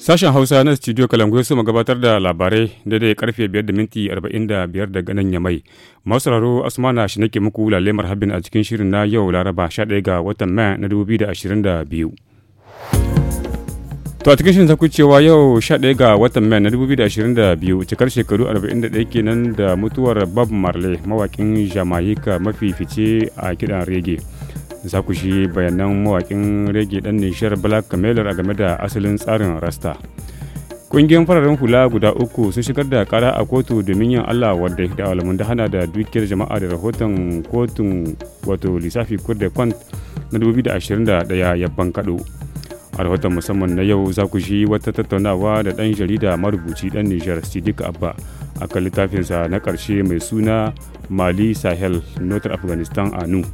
Sashen Hausa na Studio Kalangu su gabatar da labarai daidai karfe 5 da minti 45 daga nan yamai. raro Asmana shi nake muku lalemar habin a cikin shirin na yau Laraba 11 ga watan Mai na 2022. To a cikin shirin zaku cewa yau 11 ga watan Mai na 2022 cikar shekaru 41 kenan da mutuwar Bob Marley mawakin Jamaica mafi fice a kidan rege. za ku shi bayanan mawakin rage dan nishiyar black camelar a game da asalin tsarin rasta kungiyar fararen hula guda uku sun shigar da kara a kotu domin yin allah wadda da alamun da hana da dukiyar jama'a da rahoton kotun wato lissafi da kwant na 2021 yabban kaɗo a rahoton musamman na yau za ku shi wata tattaunawa da dan jarida marubuci dan nijar sidik abba a kan littafinsa na karshe mai suna mali sahel notar afghanistan anu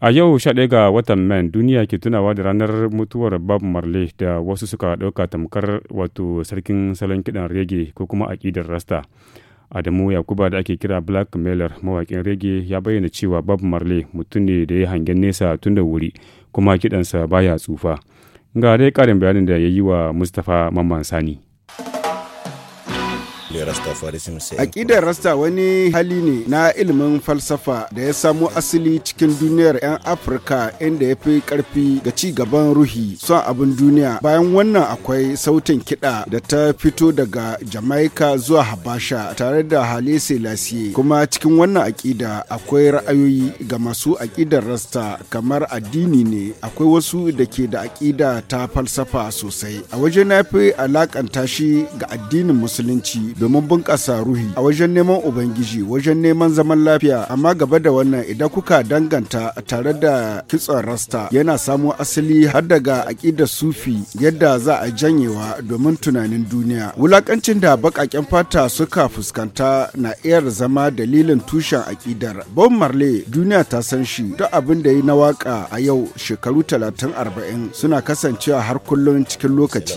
A yau ɗaya ga watan Man duniya ke tunawa da ranar mutuwar Bob Marley da wasu suka ɗauka tamkar wato sarkin salon kiɗan rege ko kuma aƙidar rasta. Adamu Yakuba da ake kira Black Mailer mawaƙin rege ya bayyana cewa Bob Marley mutum ne da ya hangen nesa tun da wuri kuma kiɗansa baya tsufa. Ga dai ƙarin bayanin da ya yi wa Mustapha Mamman Sani. Aƙidar Rasta wani hali ne na ilimin falsafa da ya samo asali cikin duniyar 'yan Afirka inda ya fi ƙarfi ga ci gaban ruhi son abin duniya. Bayan wannan akwai sautin kiɗa da ta fito daga Jamaika zuwa Habasha tare da Hale Selassie kuma cikin wannan aƙida akwai ra'ayoyi ga masu aƙidar Rasta kamar addini ne akwai wasu da ke da aƙida ta falsafa sosai. A waje na fi alakanta shi ga addinin Musulunci domin bunƙasa ruhi a wajen neman ubangiji wajen neman zaman lafiya amma gaba da wannan idan kuka danganta tare da kitson rasta yana samo asali har daga aƙidar sufi yadda za a janyewa domin tunanin duniya wulakancin da baƙaƙen fata suka fuskanta na iya zama dalilin tushen aƙidar bon marley duniya ta san shi duk abin da yi na waƙa a yau shekaru talatin arba'in suna kasancewa har kullum cikin lokaci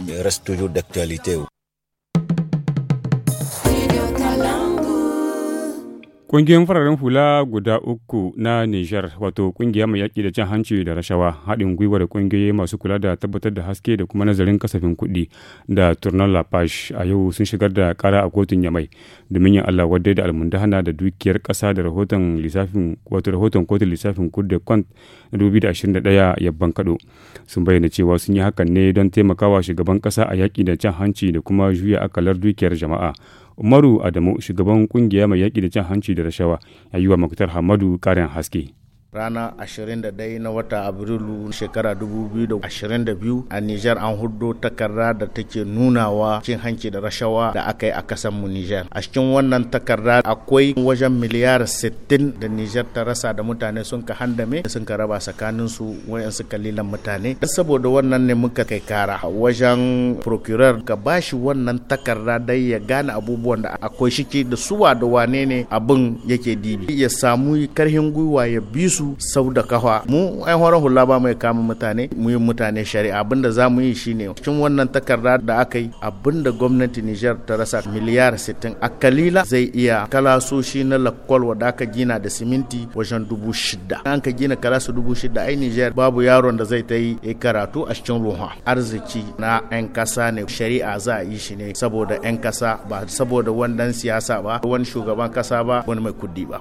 Ƙungiyar fararen hula guda uku na Nijar, wato ƙungiya mai yaƙi da cin hanci da rashawa, haɗin gwiwa da ƙungiyoyi masu kula da tabbatar da haske da kuma nazarin kasafin kuɗi da la Lafash a yau sun shigar da ƙara a kotun Yamai domin yin Allah wadda da almundahana da dukiyar ƙasa da rahoton lissafin wato rahoton kotun lissafin kuɗi da kwant na 2021 yabban kaɗo. Sun bayyana cewa sun yi hakan ne don taimakawa shugaban ƙasa a yaƙi da cin hanci da kuma juya akalar dukiyar jama'a. Umaru Adamu, shugaban kungiya mai yaƙi da cin hanci da rashawa, ya yi wa Muktar Hamadu ƙarin haske. ranar 21 na wata abrilu shekara 2022 a Nijar an hudo takarda da take nunawa cin hanci da rashawa da aka yi a kasan mu Nijar. A cikin wannan takarda akwai wajen miliyar 60 da Nijar ta rasa da mutane sun ka handame sun ka raba tsakanin su wayansu kalilan mutane. Saboda wannan ne muka kai kara wajen procurer ka bashi wannan takarda dai ya gane abubuwan da akwai shiki da suwa da wane ne abin yake dibi. Ya samu karhin gwiwa ya bi su su sau da kafa mu ai horon hula ba mai kama mutane mu yi mutane shari'a abinda za mu yi shine cikin wannan takarda da aka yi abinda gwamnati Niger ta rasa miliyar 60 a kalila zai iya kalasoshi na lakwal wadda aka gina da siminti wajen dubu shida an ka gina kalasu dubu shida ai Niger babu yaron da zai ta yi karatu a cikin ruha arziki na 'yan kasa ne shari'a za a yi shi ne saboda 'yan kasa ba saboda wani dan siyasa ba wani shugaban kasa ba wani mai kuɗi ba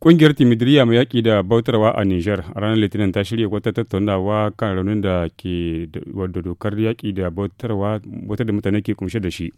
Ƙungiyar Timidiriya mai yaƙi da bautarwa a Nijar a ranar Litinin ta shirya wata tattaunawa kan raunin da ke wadda dokar yaƙi da bautarwa wata da mutane ke kumshe da shi.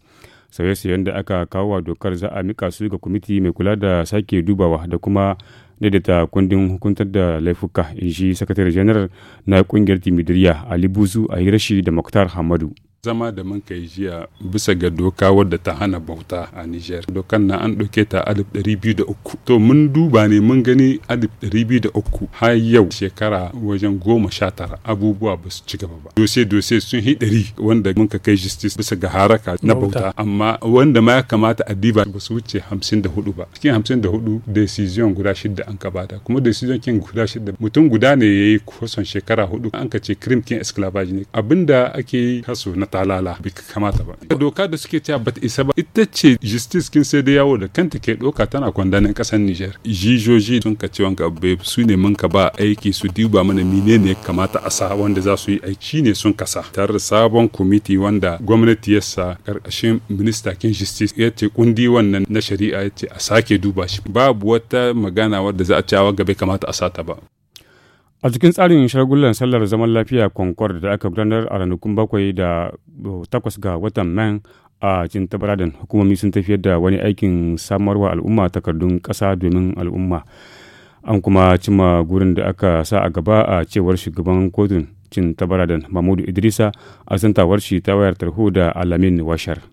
Sauye-sauyen da aka kawo wa dokar za a mika su ga kwamiti mai kula da sake dubawa da kuma daidaita kundin hukuntar da laifuka in shi sakatare janar na ƙungiyar Timidiriya Ali Buzu a hirashi da Muktar Hamadu. zama da mun kai jiya bisa ga doka wadda ta hana bauta a Niger. Dokan na an ɗauke ta alif ɗari biyu da uku. To mun duba ne mun gani alif ɗari biyu da uku har yau shekara wajen goma sha tara abubuwa ba su ci gaba ba. Dose dose sun hi ɗari wanda mun ka kai justice bisa ga haraka na bauta. Amma wanda ma ya kamata a diba ba su wuce hamsin da hudu ba. Cikin hamsin da hudu decision guda shidda an ka bada kuma decision kin guda shidda mutum guda ne ya yi kusan shekara hudu an ka ce krim kin esclavage ne abinda ake yi kaso na ta lala bai kamata ba doka da suke cewa bata isa ba ita ce justice kin sai da yawo da kanta ke doka tana kwandanin kasar Niger jijoji sun ka ce wanka bai su ne mun ka ba aiki su duba mana menene ya kamata a sa wanda za su yi aiki ne sun kasa tare da sabon kwamiti wanda gwamnati ya sa karkashin minista kin justice ya ce kundi wannan na shari'a ya ce a sake duba shi babu wata magana wadda za a cewa gaba kamata a sa ta ba A cikin tsarin shagulan sallar zaman lafiya Concord da aka gudanar a ranakun bakwai da takwas ga watan Man a tabaradan hukumomi sun tafiyar da wani aikin samarwa al'umma takardun ƙasa domin al'umma. An kuma cima gurin da aka sa a gaba a cewar shugaban kotun cin tabaradan Mahmudu Idrisa a santawar shi ta wayar tarho da Alamin Washar.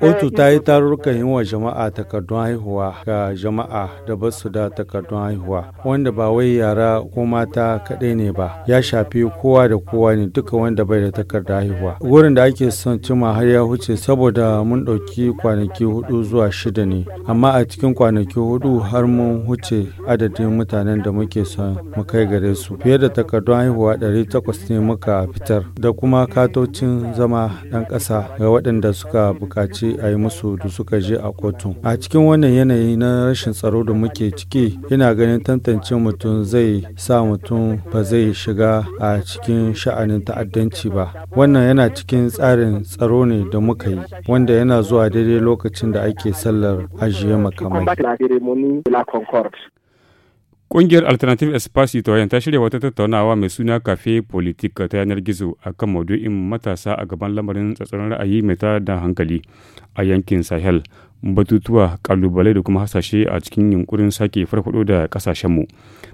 Kotu ta yi tarurrukan yi wa jama'a takardun haihuwa ga jama'a da basu su da takardun haihuwa wanda ba wai yara ko mata kaɗai ne ba ya shafi kowa da kowa ne duka wanda bai da takardun haihuwa. Wurin da ake son cima har ya huce saboda mun ɗauki kwanaki hudu zuwa shida ne amma a cikin kwanaki hudu har mun huce adadin mutanen da muke son mu kai gare su fiye da takardun haihuwa ɗari takwas ne muka fitar da kuma katocin zama ɗan ƙasa ga waɗanda suka bukaci a yi musu da suka je a kotu a cikin wannan yanayi na rashin tsaro da muke ciki ina ganin tantance mutum zai sa mutum ba zai shiga a cikin sha'anin ta'addanci ba wannan yana cikin tsarin tsaro ne da muka yi wanda yana zuwa daidai lokacin da ake sallar ajiye makamai Ƙungiyar Alternative Espace Citoyen ta shirya wata tattaunawa mai suna Cafe Politique ta yanar gizo a kan maudu'in matasa a gaban lamarin tsatsarin ra'ayi mai tara da hankali a yankin Sahel, batutuwa, kalubale da kuma hasashe a cikin yunkurin sake farfado da kasashenmu.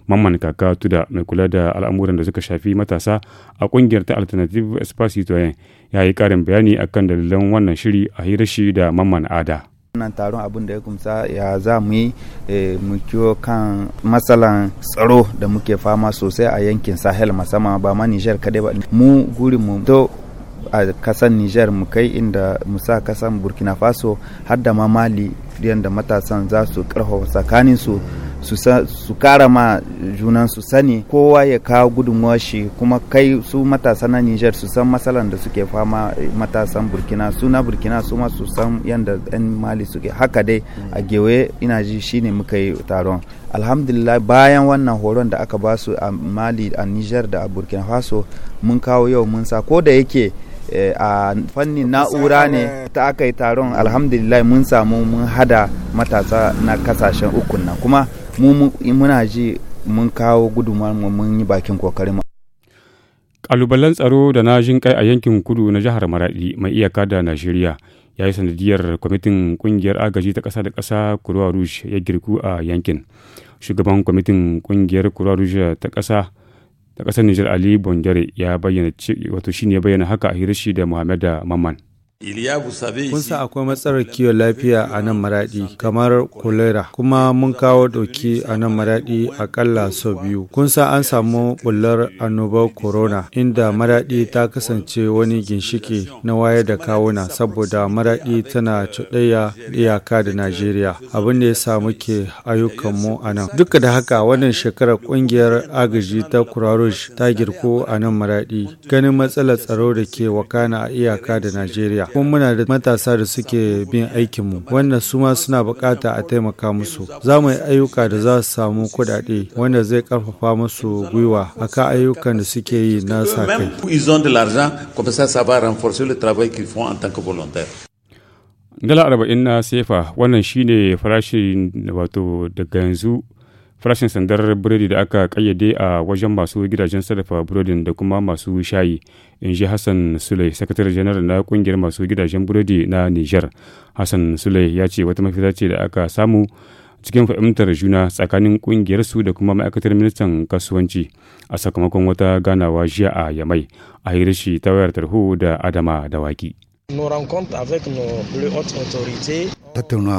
Mamman Kaka Tuda mai kula da al'amuran da suka shafi matasa a ƙungiyar ta Alternative Espace Citoyen ya yi ƙarin bayani akan dalilan wannan shiri a hirar shi da Mamman Ada. wannan taron abin da ya kumsa ya za mu yi eh, mu kiwo kan matsalan tsaro da muke fama sosai a yankin sahel musamman ba ma nijar kadai ba mu guri mu to a kasan nijar mu kai inda mu sa kasan burkina faso har da ma mali yadda matasan za su karfafa tsakaninsu su su kara ma junan su sani kowa ya kawo gudunmuwa shi kuma kai su matasa na Nijar su san matsalan da suke fama eh, matasan Burkina su na Burkina su ma su san yadda 'yan Mali suke haka dai a gewaye ina ji shi shine muka yi taron alhamdulillah bayan wannan horon da aka ba su a Mali a Nijar da a Burkina Faso mun kawo yau mun sa ko da yake eh, a fannin na'ura ne ta aka yi taron alhamdulillah mun samu mun hada matasa na kasashen uku nan kuma mu muna ji mun kawo gudunmuwar mu mun yi bakin kokarin mu kalubalen tsaro da na jin kai a yankin kudu na jihar maradi mai iyaka da najeriya ya yi sanadiyar kwamitin kungiyar agaji ta kasa da kasa kurwa rouge ya girku a yankin shugaban kwamitin kungiyar kurwa rouge ta ƙasa ta kasar nijar ali bongare ya bayyana wato shine ya bayyana haka a hirashi da muhammad mamman Kun sa akwai matsalar kiwon lafiya a nan maraɗi kamar kulera kuma mun kawo ɗauki a nan maraɗi akalla sau biyu. Kun sa an samu bullar annobar corona inda maraɗi ta kasance wani ginshiki na wayar da kawuna saboda maraɗi tana cuɗaya iyaka da Najeriya abin da ya sa muke ayyukanmu a nan. Duk da haka wannan shekarar ƙungiyar agaji ta Kurarush ta girku a nan maraɗi ganin matsalar tsaro da ke wakana a iyaka da Najeriya. kuma muna da matasa da suke bin aikinmu wannan su ma suna bukata a taimaka musu za mu yi ayyuka da za su samu kuɗaɗe wanda zai karfafa musu gwiwa akan ayyukan da suke yi na sa kai dala arba'in na sefa wannan shine farashin wato daga yanzu farashin sandar biredi da aka kayyade a wajen masu gidajen sarrafa burodin da kuma masu shayi in ji hassan sule sakataren janar na kungiyar masu gidajen biredi na niger hassan sule ya ce wata mafita ce da aka samu cikin fahimtar juna tsakanin kungiyar su da kuma ma'aikatar ministan kasuwanci a sakamakon wata ganawa jiya a yamai a hirishi ta wayar tarho da adama dawaki. Nous rencontre avec nos plus hautes autorités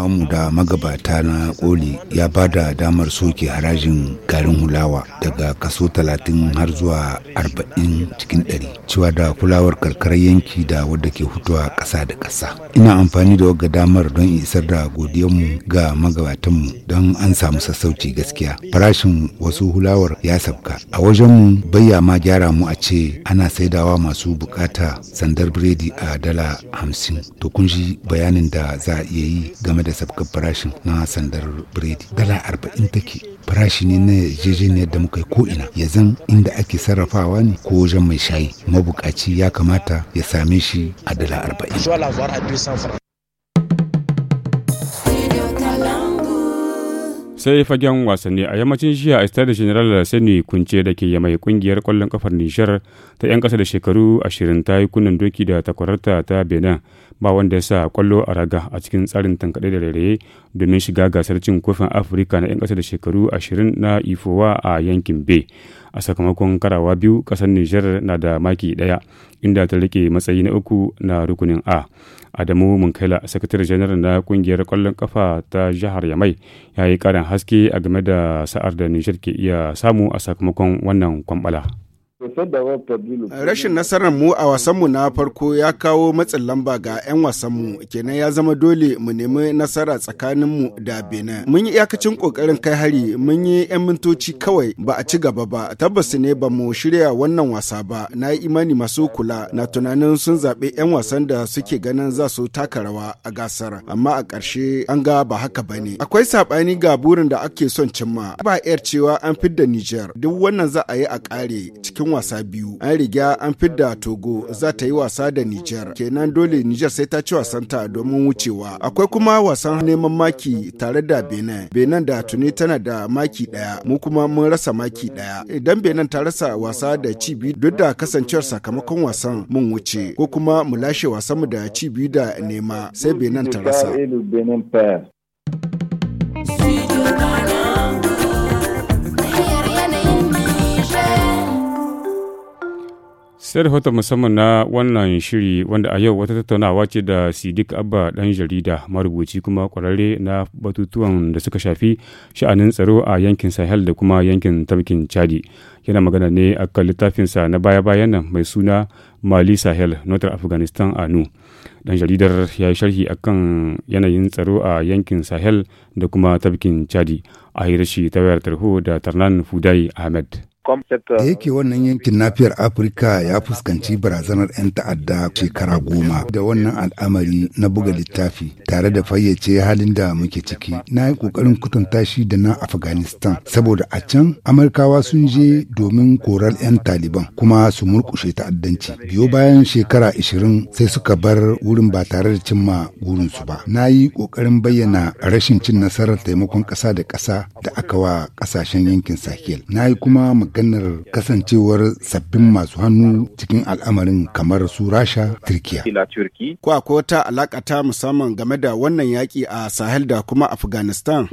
mu da magabata na koli ya ba da damar soke harajin garin hulawa daga kaso 30 har zuwa 40 cikin 100 cewa da kulawar karkarar yanki da wadda ke hutuwa ƙasa da ƙasa ina amfani da wagga damar don isar da godiyanmu ga magabatanmu don an samu sassauci gaskiya farashin wasu hulawar ya sabka a wajenmu bayya ma gyara mu a ce ana saidawa masu bukata sandar biredi a dala 50 to kun ji bayanin da za a iya yi game da sabgar farashin na sandar biredi dala arba'in take farashi ne na yarjejeniyar da muka yi ko'ina ya zan inda ake sarrafawa ne ko wajen mai shayi mabukaci ya kamata ya same shi a dala arba'in sai fagen wasanni a yammacin jiya a stade general sani kunce da ke yamai kungiyar kwallon kafar nijar ta 'yan kasa da shekaru ashirin ta yi kunan doki da takwararta ta benin ba wanda ya sa kwallo a raga a cikin tsarin tankaɗe da rere domin shiga gasar cin kofin afirka na 'yan kasa da shekaru ashirin na ifowa a yankin bay a sakamakon karawa biyu kasar nijar na da maki daya inda ta rike matsayi na uku na rukunin a adamu munkaila sakatare janar na kungiyar kwallon kafa ta jihar yamai ya yi karin haske a game da sa'ar da nijar ke iya samu a sakamakon wannan kwambala. Rashin nasarar mu a wasanmu na farko ya kawo matsin lamba ga 'yan wasanmu kenan ya zama dole mu nemi nasara tsakaninmu da Benin. Mun yi iyakacin kokarin kai hari mun yi 'yan mintoci kawai ba a ci gaba ba tabbas ne ba mu shirya wannan wasa ba na yi imani masu kula na tunanin sun zaɓi 'yan wasan da suke ganin za su taka rawa a gasar amma a ƙarshe an ga ba haka ba ne. Akwai saɓani ga burin da ake son cimma ba 'yar cewa an fidda Nijar duk wannan za a yi a ƙare cikin wasa biyu an riga an fidda togo za ta yi wasa da nijar kenan dole nijar sai ta ci wasan wasanta domin wucewa akwai kuma wasan neman maki tare da benin benin da tuni tana da maki daya mu kuma mun rasa maki daya idan benin ta rasa wasa da ci biyu duk da kasancewar sakamakon wasan mun wuce ko kuma mu lashe wasan mu da ci biyu da nema sai benin ta rasa sai hoton musamman na wannan shiri wanda a yau wata tattaunawa ce da sidik abba dan jarida marubuci kuma kwararre na batutuwan da suka shafi sha'anin tsaro a yankin sahel da kuma yankin tafkin chadi yana magana ne a kan littafinsa na baya-bayan nan mai suna mali sahel northern afghanistan a nu dan jaridar ya yi sharhi akan yanayin tsaro a yankin sahel da kuma tafkin chadi a hirashi ta wayar tarho da tarnan fudai ahmed Da uh, yake wannan yankin nafiyar Afirka ya fuskanci barazanar 'yan ta'adda shekara goma da wannan al'amari na buga littafi tare da fayyace halin da muke ciki. Na yi ƙoƙarin kutunta shi da na Afghanistan saboda a can Amurkawa sun je domin korar 'yan Taliban kuma su murkushe ta'addanci. Biyo bayan shekara 20 sai suka bar wurin ba tare da cimma burinsu ba. Na yi ƙoƙarin bayyana rashin cin nasarar taimakon ƙasa da ƙasa da aka wa ƙasashen yankin Sahel. Na yi kuma maganar kasancewar sabbin masu hannu cikin al'amarin kamar su Rasha, Turkiya. Ko akwai wata alaka ta musamman game da wannan yaki a Sahel da kuma Afghanistan?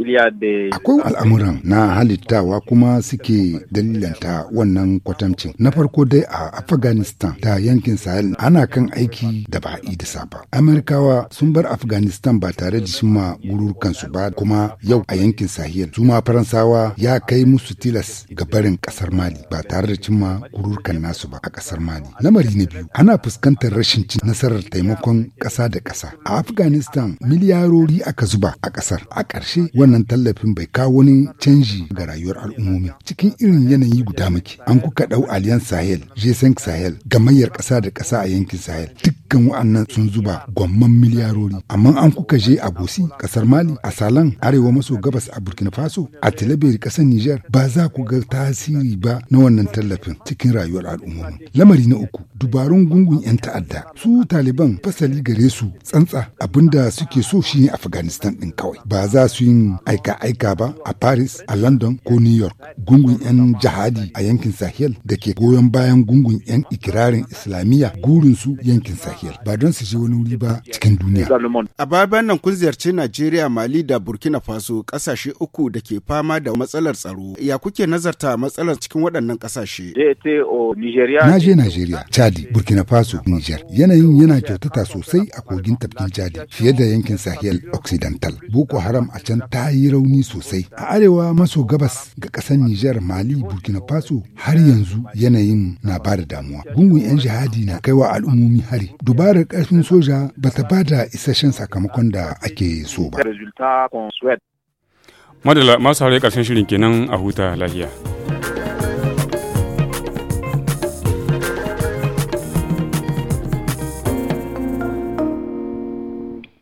Akwai al'amuran na halittawa kuma suke dalilanta wannan kwatamcin. Na farko dai a Afghanistan da yankin Sahel ana kan aiki da ba'i da saba. Amerikawa sun bar Afghanistan ba tare da shima ma kansu ba kuma yau a yankin Sahel. Su ma Faransawa ya kai musu tilas ga barin ƙasar Mali ba tare da cimma gururkan nasu ba a ƙasar Mali. Lamari na biyu ana fuskantar rashin cin nasarar taimakon kasa da kasa. A Afghanistan miliyarori aka zuba a ƙasar. A ƙarshe wannan tallafin bai kawo wani canji ga rayuwar al'ummomi. Cikin irin yanayi guda muke an kuka ɗau aliyan Sahel, G5 Sahel, gamayyar ƙasa da ƙasa a yankin Sahel. Duk dukkan wa'annan sun zuba gwamman miliyarori amma an kuka je a gosi kasar mali a salan arewa maso gabas a burkina faso a tilabiri kasar niger ba za ku ga tasiri ba na wannan tallafin cikin rayuwar al'ummomi lamari na uku dubarun gungun 'yan ta'adda su taliban fasali gare su tsantsa abinda suke so shi ne afghanistan din kawai ba za su yin aika-aika ba a paris a london ko new york gungun 'yan jihadi a yankin sahel da ke goyon bayan gungun 'yan ikirarin islamiyya gurin su yankin sahel nahiyar ba don su je wani wuri ba cikin duniya. A bayan nan kun ziyarci Najeriya, Mali da Burkina Faso kasashe uku da ke fama da matsalar tsaro. Ya kuke nazarta matsalar cikin waɗannan kasashe? Na je Najeriya, Chadi, Burkina Faso, Niger. Yanayin yana kyautata sosai a kogin tafkin Chadi fiye da yankin Sahel Occidental. Boko Haram a can ta yi rauni sosai. A arewa maso gabas ga ƙasar Niger, Mali, Burkina Faso har yanzu yanayin na ba da damuwa. Gungun 'yan jihadi na kaiwa al'ummomi hari dubarar ƙarfin soja ba ta ba da isasshen sakamakon da ake so ba. Madala masu haure ƙarshen shirin kenan a huta lahiya.